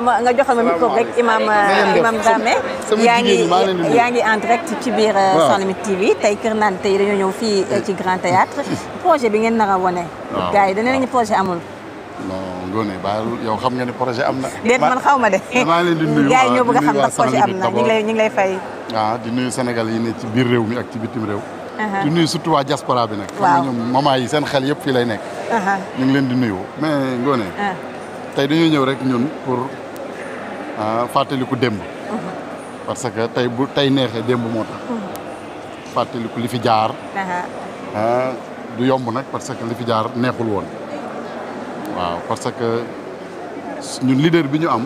nga joxal ma micro rek imam euh, imam Dramé yaa ngi yaa ngi ci biir euh, ah. Sans Limites TV tey Kër Ndanane tey dañoo ñëw fii euh, ci Grand Théâtre projet bi ngeen nar a wone ah. gars yi dana nañu projet amul non Ngoné baal yow xam nga ne projet am na déet man xaw ma de maa ñoo bëgg a xam ndax projet am na lay ñu ngi ah, di nuyu Sénégal yi ne ci biir réew mi ak ci bitim réew uh-huh. di nuyu surtout wa diaspora bi nag xam nga yi seen xel yëpp fii lay nekk uh-huh. ñu ngi leen di nuyu mais Ngoné uh. tey Euh, fàttaliku démb. Uh-huh. parce que tey bu tey neexee démb moo tax. Uh-huh. fàttaliku li fi jaar. Uh-huh. Euh, du yomb nag parce que li fi jaar neexul woon waaw parce que ñu leader bi ñu am.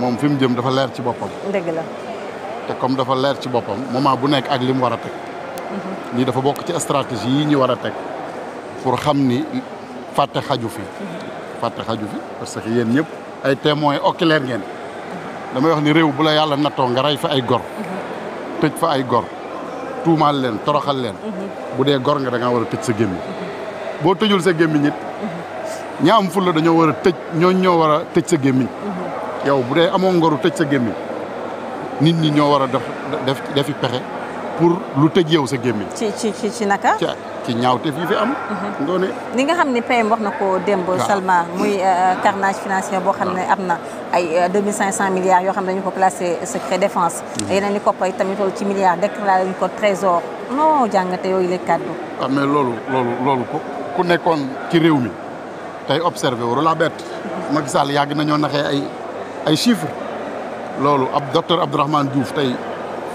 moom fi mu jëm dafa leer ci boppam. te comme dafa leer ci boppam moment bu nekk ak li mu war a teg. lii dafa bokk ci stratégie yi ñuy war a teg pour xam ni fàtte xaju fi. fàtte xaju fi parce que yéen ñëpp ay témoins oculaires ngeen. damay wax ni réew bu la yàlla nattoo nga rey fa ay gor tëj fa ay gor tuumaal leen toroxal leen bu dee gor nga da war a tëj sa gémmiñ boo tëjul sa gémmiñ it ñaa am fulla dañoo war a tëj ñooñ ñoo war a tëj sa gémmiñ yow bu dee amoo ngoru tëj sa gémmiñ nit ñi ñoo war a def def defi pexe pour lu tëj yow sa gémmiñ. ci ci ci ci naka. ci ñaawteef yi fi am. Mhm. ngoone li nga xam ne PM wax na ko démb. Salma muy euh, carnage financier boo xam ne am na ay 2500 euh, milliards yoo xam ne dañu ko classé euh, secret défense. Mhm. yeneen li koppar tamit ci milliards déclaré ñu ko trésor non jàngate yooyu la kàddu. ah mais loolu loolu loolu ko ku nekkoon ci réew mi tey observé waru la bett. Mhm. Macky Sall yàgg nañoo naxee ay ay chiffres. loolu ab docteur Abdourahmane Diouf tey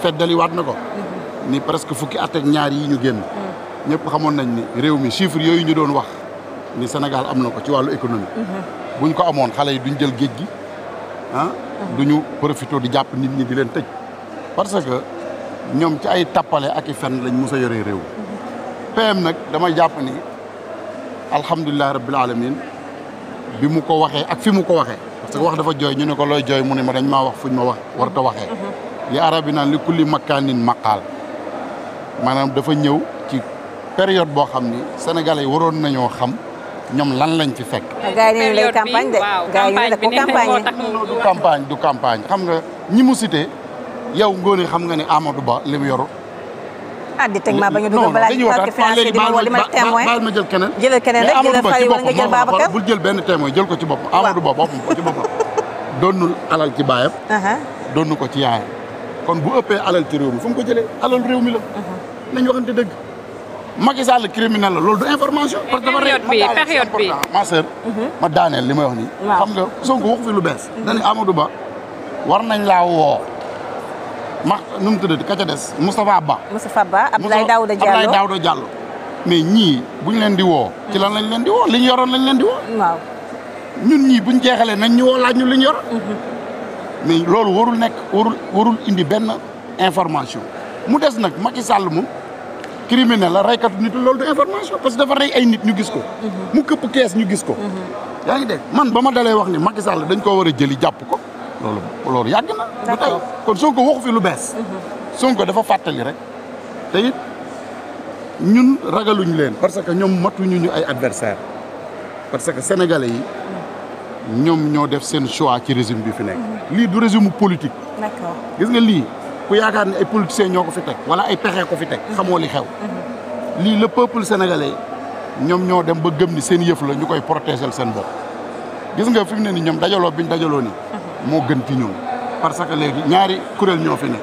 feddaliwaat na ko. ni presque fukki at ak ñaar yi ñu génn. ñëpp xamoon nañ ni réew mi chiffre yooyu ñu doon wax ni Sénégal am na ko ci wàllu économie. Mm-hmm. buñ ko amoon xale yi duñ jël géej gi ah. Mm-hmm. duñu profité di jàpp nit ñi di leen tëj. parce que ñoom ci ay tappale ak i fen lañ musa a yoree réew. PM mm-hmm. nag dama jàpp ni alhamdulilah rabbil alamin bi mu ko waxee ak fi mu ko waxee. parce que wax dafa jooy ñu ne ko looy jooy mu ne ma dañ maa wax fuñ ma wax warta waxee. li arab yi naan li kulli makkaanin maqaal. maanaam dafa ñëw ci période boo xam ni sénégalais yi waroon nañoo xam ñoom lan lañ ci fekk. Ah, période bi waaw campagne bi du campagne du campagne xam nga ñi mu cité yow ngoone xam nga ne Amadou Ba li mu yor. ah di teg maa ba ñu ñu fàtte financé di ma wala ma témoin baal ma jël keneen. jëlal keneen rek jël Babacar bul jël benn témoin jël ko ci boppam. Amadou Ba boppam ko ci boppam. doonul alal ci baayam. Uh-huh. doonu ko ci yaayam. kon bu ëppee alal ci réew mi fu ko jëlee alal réew mi la. Uh-huh. nañ waxante dëgg. Macky Sall criminel la loolu du information. parce que dafa réer période bi ma sœur uh-huh. ma daaneel li may wax nii. xam nga Sonko waxu fi lu bees. Uh-huh. dañu Amadou Ba war nañ laa woo. ma nu mu tuddati ca des Moustapha Ba. Moustapha Ba Abdoulaye Daouda Diallo Abdoulaye Daouda Diallo. mais ñii buñ leen di woo. ci la lañ leen di woo li ñu yoroon lañ leen di woo. waaw ñun ñii bu ñu jeexalee nañ ñu woo laaj ñu li ñu yor. mais loolu warul nekk warul warul indi benn information mu des nag Macky Sall moom criminel la reykatu nit loolu du information parce que dafa rey ay nit ñu gis ko. mu këpp kees ñu gis ko. yaa ngi dégg man ba ma dalee wax ni Macky Sall dañ koo war a jëli jàpp ko loolu loolu yàgg na. du tey kon waxu fi lu bees. Mhm. Sonko dafa fàttali rek te ñun ragaluñ leen. parce que ñoom matuñu ñu ay adversaire parce que sénégalais yi. ñoom ñoo def seen choix ci résime bi fi nekk. lii du régime politique. d'accord gis nga lii ku yaakaar ne ay politiciens ñoo ko fi teg wala ay pexe ko fi teg. xamoo li xew. Mhm. lii le peuple sénégalais ñoom ñoo dem ba gëm ni seen yëf la ñu koy protéger seen bopp. gis nga fi mu ne ni ñoom dajaloo biñ dajaloo ni mhm. moo gën ci ñoom. parce que léegi ñaari kuréel ñoo fi nekk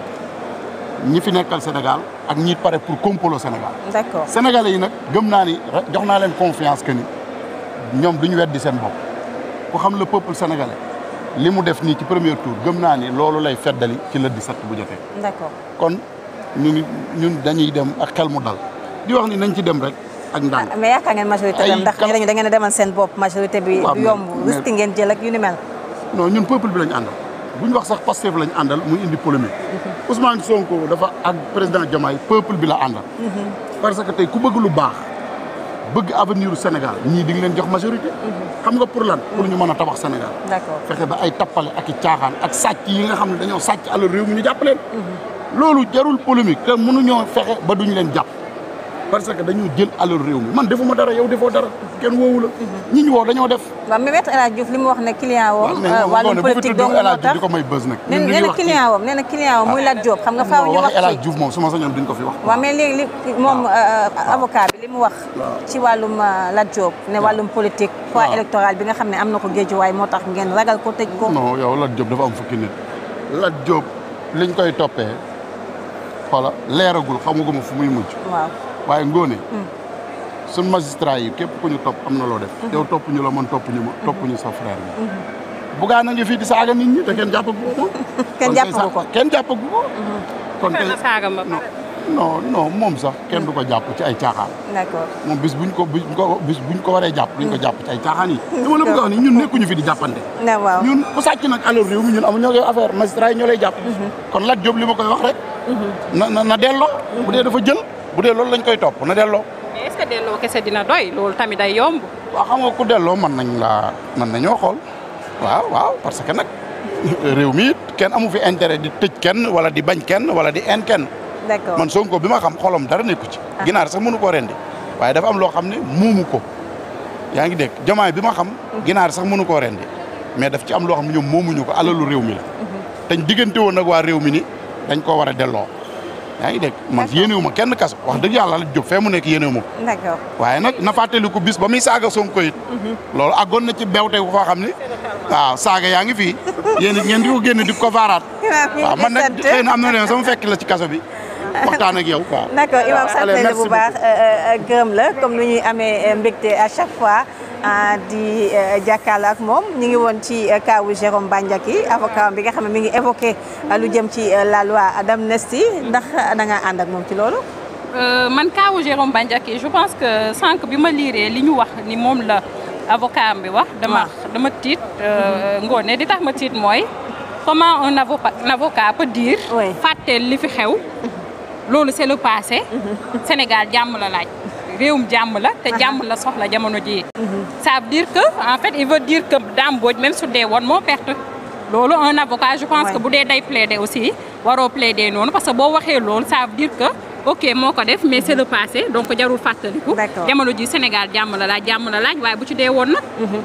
ñi fi nekkal Sénégal ak ñi pare pour complot Sénégal. d'accord sénégalais yi nag gëm naa ni jox naa leen confiance que ni ñoom duñu weddi seen bopp. ku xam le peuple sénégalais li mu def nii ci premier tour gëm naa ni loolu lay feddali ci le 17 bu jotee. kon ñu ngi ñun dañuy dem ak xel mu dal di wax nii nañ ci dem rek. ak ndànk ah, mais yaakaar ngeen majorité dem ndax ñeneen ñi da a demal seen bopp majorité bi. du yomb risque ngeen jël ak yu ni mel. non ñun peuple bi lañ àndal bu ñu wax sax Pastef lañ àndal muy indi polémique mhm. Ousmane Sonko dafa ak président Diomaye peuple bi la àndal. Mhm. parce que tey ku bëgg lu baax. bëgg avenir u Sénégal ñii di nga leen jox majorité. Mhm. xam nga pour lan pour ñu mën a tabax Sénégal. d'accord fexe ba ay tappale ak i caaxaan ak sàcc yi nga xam ne dañoo sàcc alal réew mi ñu jàpp leen. Mhm. loolu jarul polémique te mënuñoo fexe ba duñ leen jàpp. parce que dañu jël alalu réew mi man defuma dara yow defoo dara kenn woowu la. ñi ñu woo dañoo def. waaw mais wet El Hadj li mu wax ne client woom. Euh, wàllum politique dong moo tax di ko may buzz nag. ñun li ñuy ah, moom suma sañoon duñ ko fi wax. waaw mais léegi li moom ah. euh, avocat bi li mu wax. Ah. ci wàllum euh, Lat Diop. ne wàllum politique. poids électoral bi nga xam ne am na ko géejuwaay moo tax ngeen ragal ko tëj ko. non yow Lat Diop dafa am fukki nit. Lat Diop liñ koy toppee xoola leeragul xamuguma fu muy mujj. waaye ngóone suñ magistrat yi képp ku ñu topp am na loo def mhm. yow topp ñu la man topp ñu ma topp ñu sa frère bi mhm. bugaa na ngi fii di saaga nit ñi te kenn jàppagu ko ko kenn jàppagu mhm. kon tey saaga ma moom sax kenn du ko jàpp ci ay caaxaan d'accord moom bis buñ ko buñ ko bis buñ ko waree jàpp duñ ko jàpp ci ay caaxaan yi dama la bëgg a wax ni ñun nekkuñu fi di jàppante waaw ñun jàpp kon Lat Diop li ma koy wax rek na na delloo bu dee dafa jël bu dee loolu lañ koy topp na delloo. mais est-ce que delloo kese doy loolu tamit day yomb. waaw xam nga ku delloo mën nañ laa mën nañoo xool waaw waaw parce que nag réew mi it kenn amu fi intérêt di tëj kenn wala di bañ kenn wala di en kenn. man man ko bi ma xam xolam dara nekku ci. Ah. ginaar sax mënu koo rendi waaye dafa am loo xam ne muumu ko yaa ngi dégg jomaay bi ma xam. Mhm. ginaar sax mënu koo rendi mais daf ci am loo xam ne ñoom moomuñu ko alalu réew mi la. Mhm. te diggante woon nag waa réew mi ni dañ koo war a delloo. yaa ngi dégg man yéenewuma kenn kaso wax dëgg yàlla la jóg fee mu nekk yéenewuma ko waaye nag na fàttali bis ba muy saaga Sonko it mhm. loolu a na ci bewte ko foo xam ne waaw saaga yaa ngi fii yéen it di ko génn di ko vaaraat waaw man nag xëy na am na la ci kaso bi waxtaan ak yow quoi d'accord imam sant nañ la bu baax euh, euh, euh, gërëm la comme ni ñuy amee mbégte à chaque fois Ah, di eh, jàkkaarloo ak moom ñu ngi woon ci kaawu eh, Jérôme Bandiaky avocat bi nga xam ne mi ngi évoqué eh, lu jëm ci la loi d'amnistie ndax da ngaa ànd ak moom ci loolu. Euh, man kaawu Jérôme Bandiaky je pense que sànq bi ma liiree li ñu wax ni moom la avocat bi wax. dama dama tiit. Euh, mm-hmm. ngoone di tax ma tiit mooy. comment un avocat un avocat peut li fi xew. Mm-hmm. loolu c'est le passé. Mm-hmm. Sénégal jàmm la laaj. réewum jàmm la te jàmm la soxla jamono jii. Mhm. ça veut dire que en fait il veut dire que Dame Mbodj même su dee woon moo perte. loolu un avocat je pense que bu dee day plaider aussi waroo plaider noonu parce que boo waxee loolu ça dire que. ok moo ko def mais c'est le passé donc jarul fàttaliku. jamono ji Sénégal jàmm la laaj jàmm la laaj waaye bu ci dee woon nag. Mhm.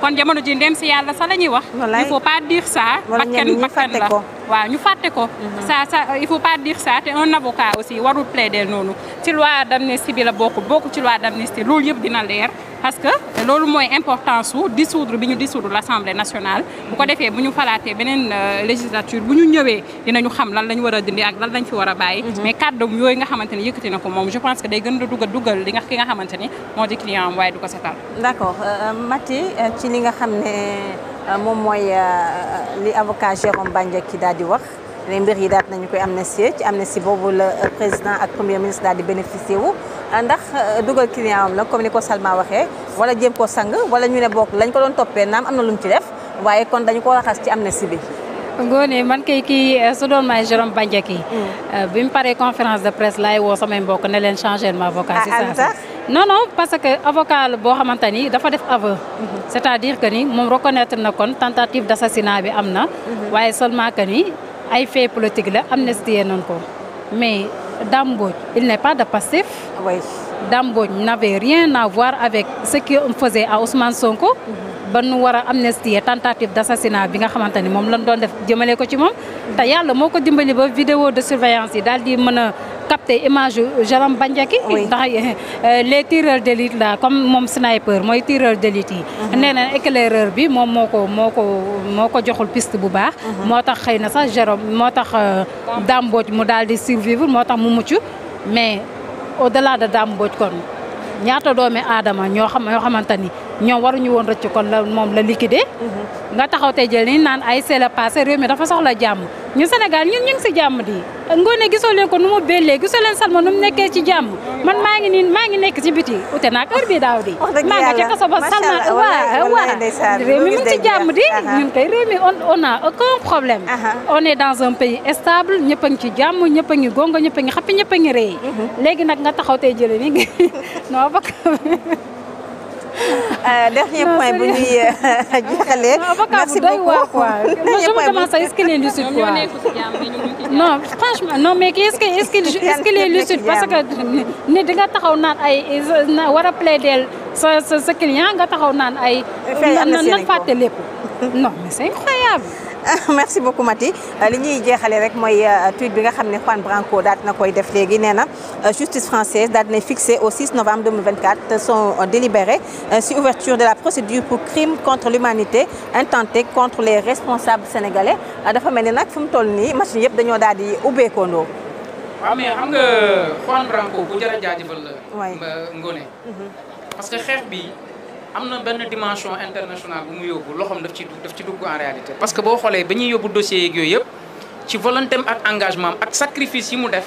kon jamono ji ndem si yàlla sax la ñuy wax. il faut pas dire ça. bakkan bakkan la waaw ñu fàtte ko sa mhm. sa il faut pas dire ça te un avocat aussi warul plaider noonu ci loi d'amnistie bi la bokk bokk ci loi d'amnistie loolu yëpp dina leer parce que loolu mooy importance su dissoudre bi ñu dissoudre l'Assemblée nationale bu ko defee bu ñu falaatee beneen euh, législature bu ñu ñëwee dinañu xam lan lañ war a dindi ak lan lañ fi war bàyyi mhm. mais kàddoom yooyu nga xamante ni yëkkati na ko moom je pense que day gën a dugal dugal li nga ki nga xamante ko euh, euh, li nga xam ne Euh, moom mooy euh, euh, li avocat Jérôme Bandiaky daal di wax ne mbir yi daat nañu koy am amnistie ci si boobu la président ak premier ministre daal di bénéficier wu ndax dugal client am la comme ni ko Salma waxee wala jéem koo sang wala ñu ne bokk lañ ko doon toppee naam am na lu mu ci def waaye kon dañu ko raxas ci si bi Ngoné man kay kii su doon maay Jérôme Bandiaky mm. bi mu paree conférence de presse laay woo samay mbokk ne leen changer ma avocat ah, si saa non non parce que avocat la boo xamante ni dafa def aveu mhm. c'est-à-dire que ni moom reconnaître na kon tentative d'assassinat bi am na mhm. waaye seulement que ni ay fait politique la amnistie nañ ko mais Dame Mbodj il n'est pas de passif oui. Dame Mbodj n'avait rien à voir avec ce qu'on faisait à Ousmane Sonko mhm. ba nu war a amnistie tentative d' assassinat bi nga xamante ni moom lañ doon def jëmale ko ci moom. te yàlla moo ko dimbali ba vidéo de surveillance yi daal di mën a capter image yu Jérôme Bandiaky. ndax euh, les tireurs d' élite là comme moom sniper mooy tireur d' élite yi. Mhm. nee na éclaireur bi moom moo ko moo ko moo ko joxul piste bu baax. Mhm. moo tax xëy na sax Jérôme moo tax euh, Dame Mbodj mu daal di survivre moo tax mu mucc mais au delà de Dame Mbodj kon ñaata doomi aadama ñoo xam xamante ni. ñoom waruñu woon rëcc kon la moom la liquidé. Mhm. nga taxaw tey jël nii naan ay c'est le passé réew mi dafa soxla jàmm ñu senegal ñun ñu si jàmm di ngoone gisoo leen kon nu mu bellee gisoo leen Salma nu mu ci jàmm man maa ngi nii maa ngi nekk ci biti ute naa heure daaw di maa nga ca kaso ba Salma waaw waaw réew mi mu ngi di ñun kay réew mi on a aucun dans un pays stable ñëpp a ngi ci jàmm ñëpp a gongo ñëpp a ngi xappi ñëpp a ngi rëy mhm. léegi nag nga taxaw tey jëlee nii Euh, dernier point bu ñuy euh, jeexalee. merci beaucoup dernier point bu ñuy jeexalee non franchement non mais est est-ce lucide parce que ni di nga taxaw naan ay war a plaider sa sa client nga taxaw naan ay. nan fàtte non mais c'est incroyable. merci beaucoup Mati euh, li ñuy jeexale rek mooy euh, tweet bi nga xam ne Juan Branco daal na koy def léegi nee na euh, justice française daal dinay fixé au 6 novembre 2024 sont délibérés sur ouverture de la procédure pour crime contre l'humanité intenté contre les responsables sénégalais dafa mel ni nag fu mu toll nii machine yëpp dañoo daal di ubbeekondoo waaw bu jara am na benn dimension internationale bu mu yóbbu loxoom daf ci daf ci dugg en réalité. parce que boo xoolee ba ñuy yóbbu dossiers yooyu yëpp ci volonté am ak engagement am ak sacrifice yi mu def.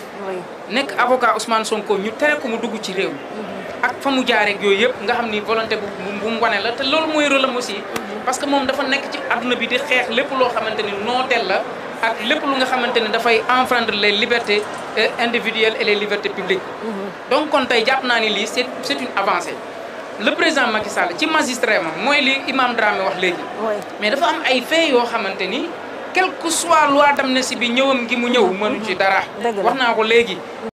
nekk avocat Ousmane Sonko ñu tere ko mu dugg ci réew mi. Mhm. ak fa mu jaareek yooyu yëpp nga xam ni volonté bu bu mu wane la te loolu mooy rôle am aussi. Mhm. parce que moom dafa nekk ci àdduna bi di xeex lépp loo xamante ni noo nooteel la. ak lépp lu nga xamante ni dafay enfreindre les libertés euh, individuelles les libertés publiques. Mhm. donc kon tey jàpp naa ni lii c'est c'est une avancée. le président Macky Sall ci magistrat ma mooy li imam Dramé wax léegi. mais dafa am ay faits yoo xamante ni quel que soit loi si bi ñëwam ki mu ñëw mënu ci dara. wax naa ko léegi.